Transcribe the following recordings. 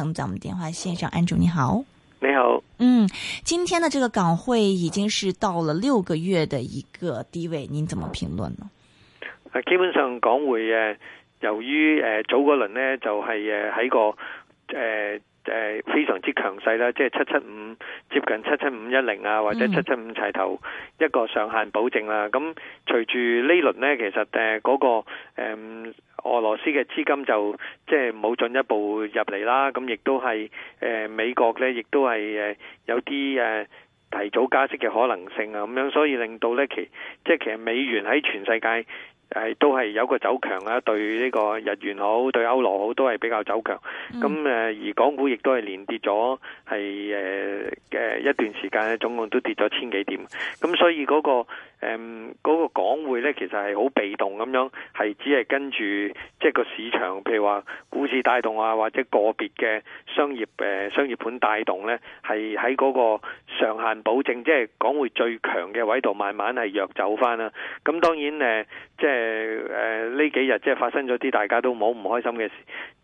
我們在我們電話線上，Andrew 你好，你好，嗯，今天的這個港匯已經是到了六個月的一個低位，您怎麼評論呢？啊、基本上港匯誒，由於誒、呃、早嗰輪咧就係誒喺個誒誒、呃呃、非常之強勢啦，即係七七五接近七七五一零啊，或者七七五齊頭一個上限保證啦、啊。咁、嗯嗯、隨住呢輪咧，其實誒嗰、呃嗰個誒。呃俄羅斯嘅資金就即係冇進一步入嚟啦，咁亦都係誒、呃、美國咧，亦都係誒有啲誒提早加息嘅可能性啊，咁樣所以令到咧其即係其實美元喺全世界誒、呃、都係有個走強啊，對呢個日元好，對歐羅好都係比較走強。咁誒、呃、而港股亦都係連跌咗係誒嘅一段時間咧，總共都跌咗千幾點。咁所以嗰個。誒，嗰個港匯咧，其實係好被動咁樣，係只係跟住即係個市場，譬如話股市帶動啊，或者個別嘅商業誒商業盤帶動咧，係喺嗰個上限保證，即係港匯最強嘅位度，慢慢係弱走翻啦。咁當然誒，即係誒呢幾日即係發生咗啲大家都好唔開心嘅事，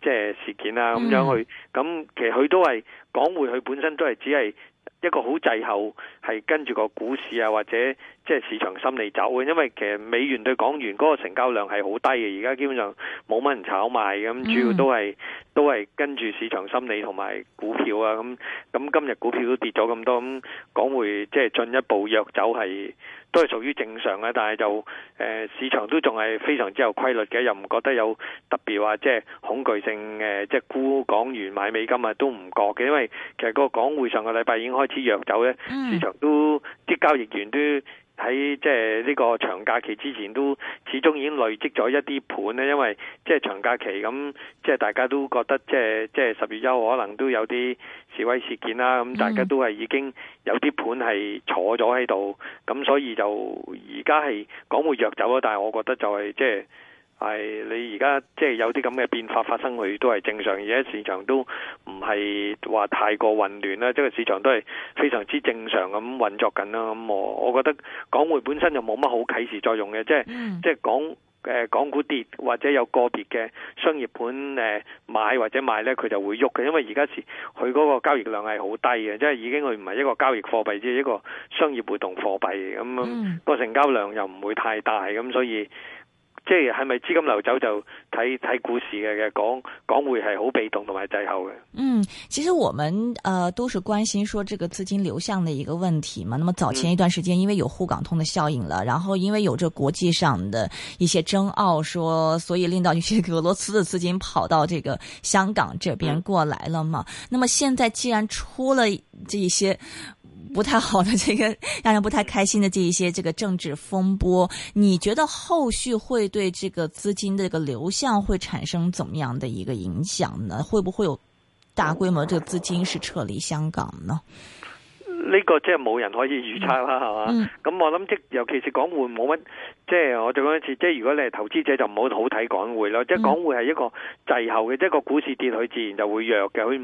即係事件啦，咁樣去。咁其實佢都係港匯，佢本身都係只係。一個好滯後，係跟住個股市啊，或者即係市場心理走嘅。因為其實美元對港元嗰個成交量係好低嘅，而家基本上冇乜人炒賣，咁主要都係都係跟住市場心理同埋股票啊。咁咁今日股票都跌咗咁多，咁港匯即係進一步弱走係都係屬於正常嘅。但係就誒、呃、市場都仲係非常之有規律嘅，又唔覺得有特別話即係恐懼性嘅即係沽港元買美金啊，都唔覺嘅。因為其實個港匯上個禮拜已經開始。啲弱走呢，市場都啲交易員都喺即係呢個長假期之前都始終已經累積咗一啲盤呢，因為即係、就是、長假期咁，即係、就是、大家都覺得即係即係十月一號可能都有啲示威事件啦，咁大家都係已經有啲盤係坐咗喺度，咁、mm. 所以就而家係講會弱走咯，但係我覺得就係即係。就是係你而家即係有啲咁嘅變化發生，佢都係正常，而家市場都唔係話太過混亂啦，即係市場都係非常之正常咁運作緊啦。咁、嗯、我我覺得港匯本身就冇乜好啟示作用嘅，即係即係講誒港股跌或者有個別嘅商業盤誒、呃、買或者賣咧，佢就會喐嘅，因為而家佢嗰個交易量係好低嘅，即係已經佢唔係一個交易貨幣，即係一個商業活動貨幣，咁、嗯、那個成交量又唔會太大，咁所以。即係咪資金流走就睇睇股市嘅嘅講講會係好被動同埋滯後嘅。嗯，其實我們呃都是關心說這個資金流向的一個問題嘛。那麼早前一段時間，因為有滬港通的效應了、嗯、然後因為有這國際上的一些爭奧，說所以令到一些俄羅斯的資金跑到這個香港這邊過來了嘛。那麼現在既然出了這一些。不太好的這個，讓人不太開心的這一些，這個政治風波，你覺得後續會對這個資金的這個流向會產生怎麼樣的一個影響呢？會不會有大規模的這個資金是撤離香港呢？呢個即係冇人可以預測啦，係嘛、嗯？咁、嗯嗯、我諗即尤其是港匯冇乜，即係我再講一次，即係如果你係投資者就唔好好睇港匯咯。即係、嗯、港匯係一個滯後嘅，即係個股市跌佢自然就會弱嘅，佢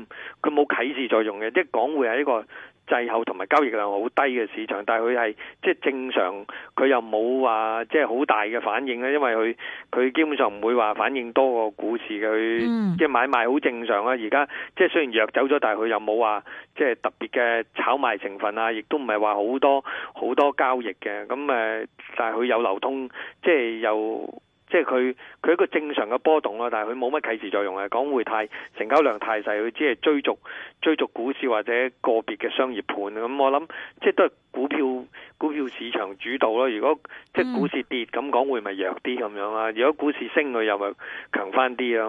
佢冇啟示作用嘅。即係港匯係一個。滯後同埋交易量好低嘅市場，但係佢係即係正常，佢又冇話即係好大嘅反應咧，因為佢佢基本上唔會話反映多個股市嘅，佢即係買賣好正常啦。而家即係雖然弱走咗，但係佢又冇話即係特別嘅炒賣成分啊，亦都唔係話好多好多交易嘅，咁誒，但係佢有流通，即係有。即係佢佢一個正常嘅波動啦，但係佢冇乜啟示作用，嚟講港匯太成交量太細，佢只係追逐追逐股市或者個別嘅商業盤咁，我諗即係都係。股票股票市場主導咯，如果即係股市跌咁講、嗯、會咪弱啲咁樣啊？如果股市升佢又咪強翻啲啊？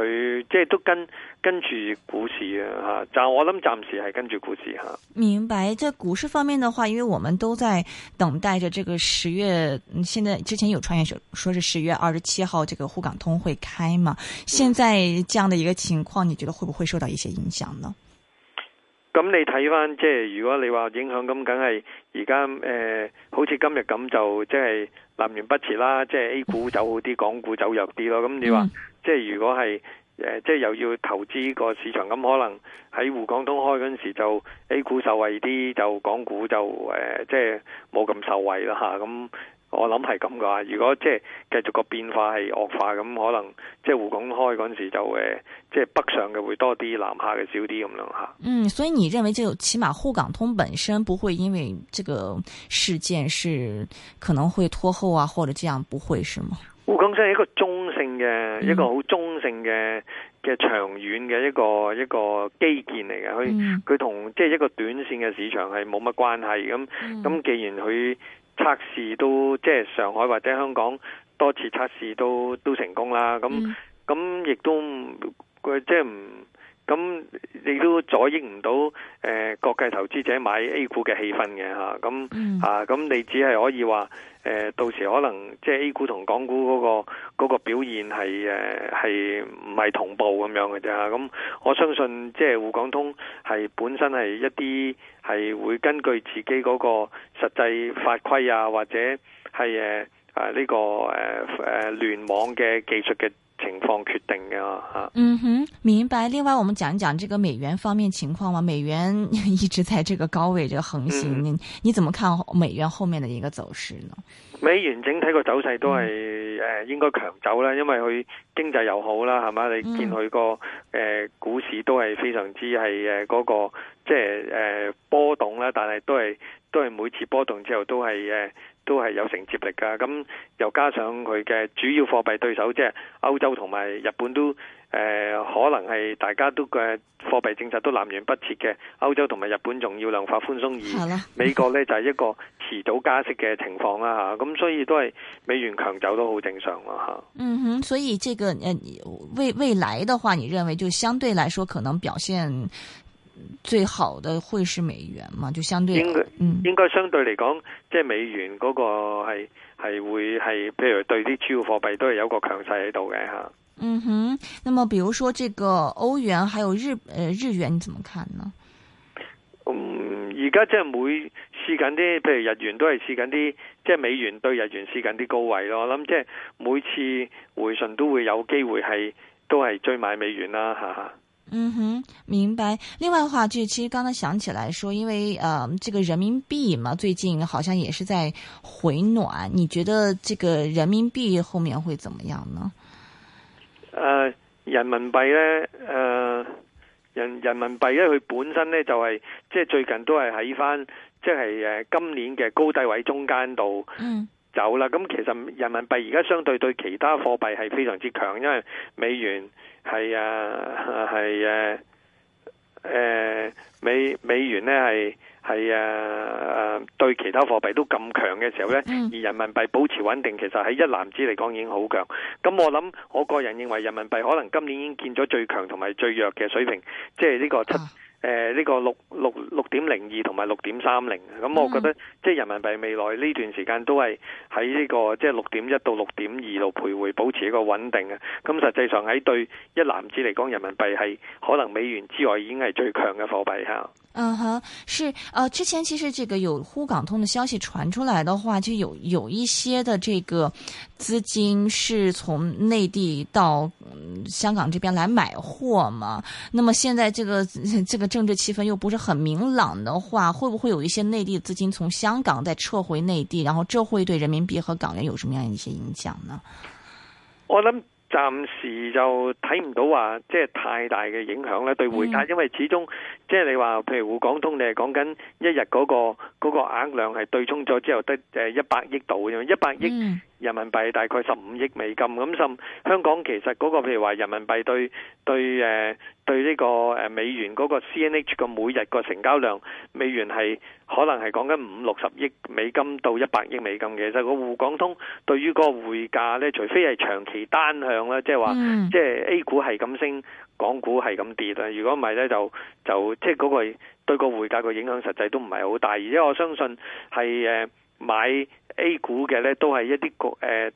佢即係都跟跟住股市啊吓，我諗暫時係跟住股市吓。明白，即係股市方面的話，因為我們都在等待着這個十月，現在之前有傳言說是十月二十七號這個滬港通會開嘛，嗯、現在這樣的一個情況，你覺得會不會受到一些影響呢？咁你睇翻，即係如果你話影響咁，梗係而家誒，好似今日咁就即係南轅北轍啦，即係 A 股走好啲，港股走弱啲咯。咁你話即係如果係誒，即係又要投資個市場咁，可能喺滬港通開嗰陣時就 A 股受惠啲，就港股就誒，即係冇咁受惠啦吓咁。我諗係咁噶，如果即係繼續個變化係惡化咁，咁可能即係滬港開嗰陣時就誒，即、就、係、是、北上嘅會多啲，南下嘅少啲咁樣吓。嗯，所以你認為就、這個、起碼滬港通本身不會因為這個事件是可能會拖後啊，或者這樣不會是嗎？滬港通係一個中性嘅，一個好中性嘅嘅、嗯、長遠嘅一個一個基建嚟嘅，佢佢同即係一個短線嘅市場係冇乜關係咁。咁、嗯、既然佢。測試都即係上海或者香港多次測試都都成功啦，咁咁亦都佢即係唔。咁你都阻抑唔到誒國際投資者買 A 股嘅氣氛嘅咁、嗯、啊咁你只係可以話誒、呃、到時可能即係 A 股同港股嗰、嗰個嗰、嗰個表現係係唔係同步咁樣嘅啫。咁、啊、我相信即係滬港通係本身係一啲係會根據自己嗰個實際法規啊，或者係誒呢個誒誒、啊啊、聯網嘅技術嘅。情況決定嘅吓、啊，嗯哼，明白。另外，我們講一講這個美元方面情況嘛。美元一直在這個高位，這個橫行，你、嗯、你怎麼看美元後面的一個走勢呢？美元整體個走勢都係誒、嗯呃，應該強走啦，因為佢經濟又好啦，係嘛？你見佢個誒股市都係非常之係誒、呃那個。即係誒、呃、波動啦，但係都係都係每次波動之後都係誒都係有承接力噶。咁又加上佢嘅主要貨幣對手即係歐洲同埋日本都誒、呃、可能係大家都嘅貨幣政策都南轅北轍嘅。歐洲同埋日本仲要量化寬鬆，而美國呢就係、是、一個遲早加息嘅情況啦。咁、啊、所以都係美元強走都好正常啦。吓、啊，嗯哼，所以這個誒未未來的話，你認為就相對來說可能表現？最好的會是美元嘛？就相對應該、嗯、應該相對嚟講，即、就、係、是、美元嗰個係係會係，譬如對啲主要貨幣都係有個強勢喺度嘅吓。嗯哼，那麼比如說這個歐元，還有日誒、呃、日元，你怎麼看呢？嗯，而家即係每試緊啲，譬如日元都係試緊啲，即、就、係、是、美元對日元試緊啲高位咯。我諗即係每次回順都會有機會係都係追買美元啦吓。哈哈嗯哼，明白。另外話，就其實剛才想起來說，因為，嗯、呃，這個人民幣嘛，最近好像也是在回暖。你覺得這個人民幣後面會怎麼樣呢？誒、呃，人民幣咧，誒、呃，人人民幣咧，佢本身咧就係、是、即係最近都係喺返，即係誒今年嘅高低位中間度。嗯。走啦！咁其實人民幣而家相對對其他貨幣係非常之強，因為美元係啊係誒誒美美元咧係係啊誒對其他貨幣都咁強嘅時候呢，嗯、而人民幣保持穩定，其實喺一籃子嚟講已經好強。咁我諗，我個人認為人民幣可能今年已經見咗最強同埋最弱嘅水平，即係呢個七。嗯。誒呢個六六六點零二同埋六點三零，咁我覺得、嗯、即係人民幣未來呢段時間都係喺呢個即係六點一到六點二度徘徊，保持一個穩定嘅。咁實際上喺對一籃子嚟講，人民幣係可能美元之外已經係最強嘅貨幣吓。嗯哼，uh、huh, 是呃，之前其實這個有滬港通的消息傳出來的話，就有有一些的這個資金是從內地到、嗯、香港這邊來買貨嘛。那麼現在這個這個政治氣氛又不是很明朗的話，會不會有一些內地資金從香港再撤回內地？然後這會對人民幣和港元有什麼樣一些影響呢？我諗暫時就睇唔到話、啊，即係太大嘅影響咧，對匯價，嗯、因為始終。即係你話，譬如滬港通，你係講緊一日嗰個嗰個額量係對沖咗之後得誒一百億度咁，一百億人民幣大概十五億美金咁。咁香港其實嗰個譬如話人民幣對對誒對呢個誒美元嗰個 CNH 嘅每日個成交量，美元係可能係講緊五六十億美金到一百億美金嘅。其實個滬港通對於個匯價咧，除非係長期單向啦，即係話即係 A 股係咁升。港股係咁跌啦，如果唔係呢，就就即係嗰個對個匯價個影響實際都唔係好大，而且我相信係誒買 A 股嘅呢，呃，都係一啲國誒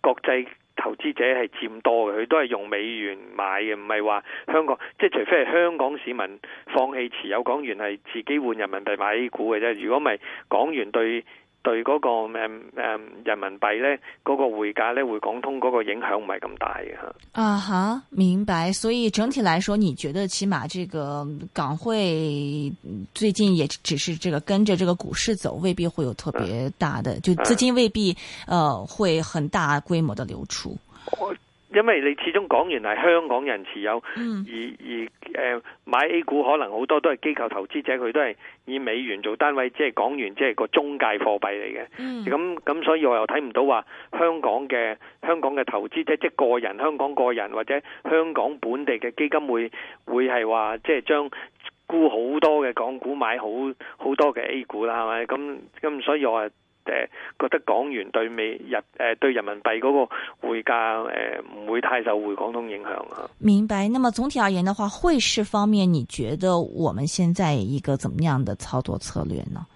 國際投資者係佔多嘅，佢都係用美元買嘅，唔係話香港，即係除非係香港市民放棄持有港元係自己換人民幣買 A 股嘅啫，如果唔係港元對。對嗰、那個誒誒、嗯嗯、人民幣咧，嗰、那個匯價咧，滬港通嗰個影響唔係咁大嘅啊哈，uh、huh，明白。所以整體來說，你覺得起碼這個港匯最近也只是這個跟着這個股市走，未必會有特別大的，uh huh。就資金未必，呃，會很大規模的流出。Uh huh. 因為你始終港元係香港人持有，嗯、而而買 A 股可能好多都係機構投資者，佢都係以美元做單位，即係港元即係個中介貨幣嚟嘅。咁咁、嗯、所以我又睇唔到話香港嘅香港嘅投資者，即、就、係、是、個人香港個人或者香港本地嘅基金會會係話即係將沽好多嘅港股買好好多嘅 A 股啦，係咪？咁咁所以我。誒，覺得港元對美日誒、呃、對人民幣嗰個匯價誒唔、呃、會太受滬港通影響啊。明白。那麼總體而言的話，匯市方面，你覺得我們現在一個怎麼樣的操作策略呢？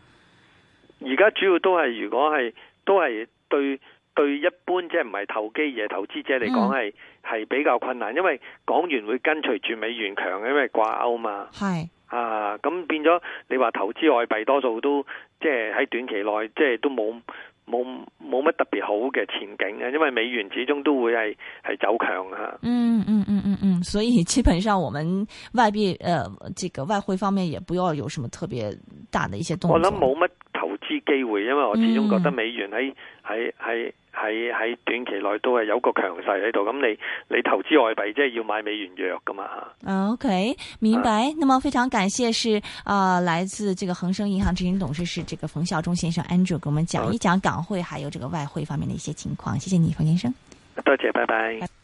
而家主要都係，如果係都係對對一般即係唔係投機而係投資者嚟講係係比較困難，因為港元會跟隨住美元強，因為掛鈎嘛。係。啊，咁變咗你話投資外幣，多數都即係喺短期內，即係都冇冇冇乜特別好嘅前景嘅，因為美元始終都會係係走強啊、嗯。嗯嗯嗯嗯嗯，所以基本上我們外幣誒、呃，這個外匯方面也不要有什麼特別大的一些東西。我諗冇乜。機會，因為我始終覺得美元喺喺喺喺喺短期內都係有個強勢喺度。咁你你投資外幣即係要買美元弱噶嘛？嗯、啊，OK，明白。啊、那麼非常感謝是，是、呃、啊，來自這個恒生銀行執行董事是這個馮孝忠先生 Andrew，跟我們講一講港匯，還有這個外匯方面的一些情況。謝謝你，馮先生。多謝，拜拜。拜拜。